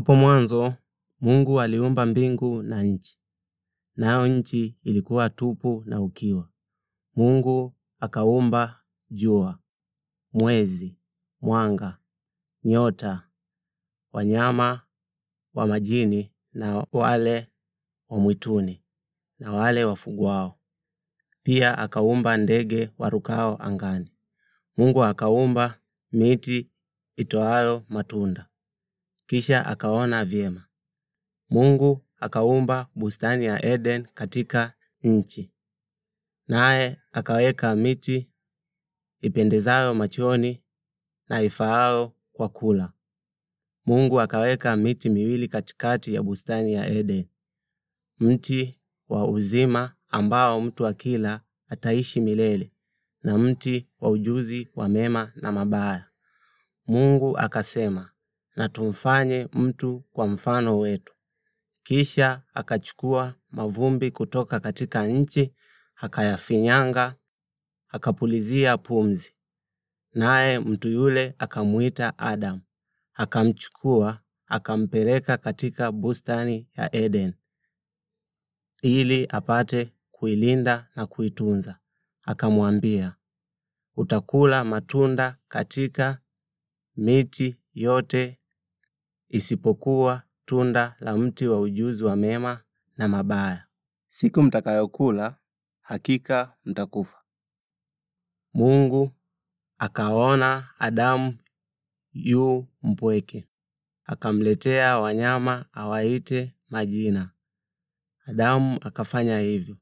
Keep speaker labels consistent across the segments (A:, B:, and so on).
A: Hapo mwanzo Mungu aliumba mbingu na nchi, nayo nchi ilikuwa tupu na ukiwa. Mungu akaumba jua, mwezi, mwanga, nyota, wanyama wa majini na wale wa mwituni na wale wafugwao. Pia akaumba ndege warukao angani. Mungu akaumba miti itoayo matunda kisha akaona vyema. Mungu akaumba bustani ya Eden katika nchi, naye akaweka miti ipendezayo machoni na ifaao kwa kula. Mungu akaweka miti miwili katikati ya bustani ya Eden, mti wa uzima ambao mtu akila ataishi milele, na mti wa ujuzi wa mema na mabaya. Mungu akasema, na tumfanye mtu kwa mfano wetu. Kisha akachukua mavumbi kutoka katika nchi, akayafinyanga, akapulizia pumzi, naye mtu yule akamwita Adamu, akamchukua akampeleka katika bustani ya Eden ili apate kuilinda na kuitunza. Akamwambia, utakula matunda katika miti yote isipokuwa tunda la mti wa ujuzi wa mema na mabaya, siku mtakayokula hakika mtakufa. Mungu akaona Adamu yu mpweke, akamletea wanyama awaite majina. Adamu akafanya hivyo.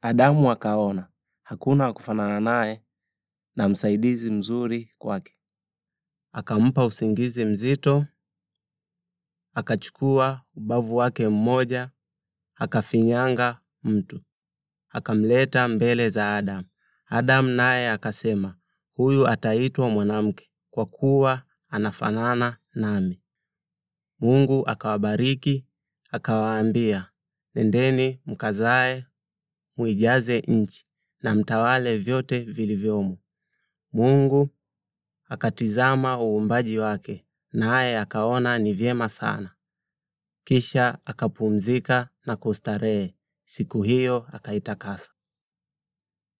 A: Adamu akaona hakuna wa kufanana naye na msaidizi mzuri kwake, akampa usingizi mzito akachukua ubavu wake mmoja, akafinyanga mtu, akamleta mbele za Adamu. Adamu naye akasema, huyu ataitwa mwanamke, kwa kuwa anafanana nami. Mungu akawabariki, akawaambia, nendeni mkazae, muijaze nchi na mtawale vyote vilivyomo. Mungu akatizama uumbaji wake, naye akaona ni vyema sana. Kisha akapumzika na kustarehe, siku hiyo akaitakasa.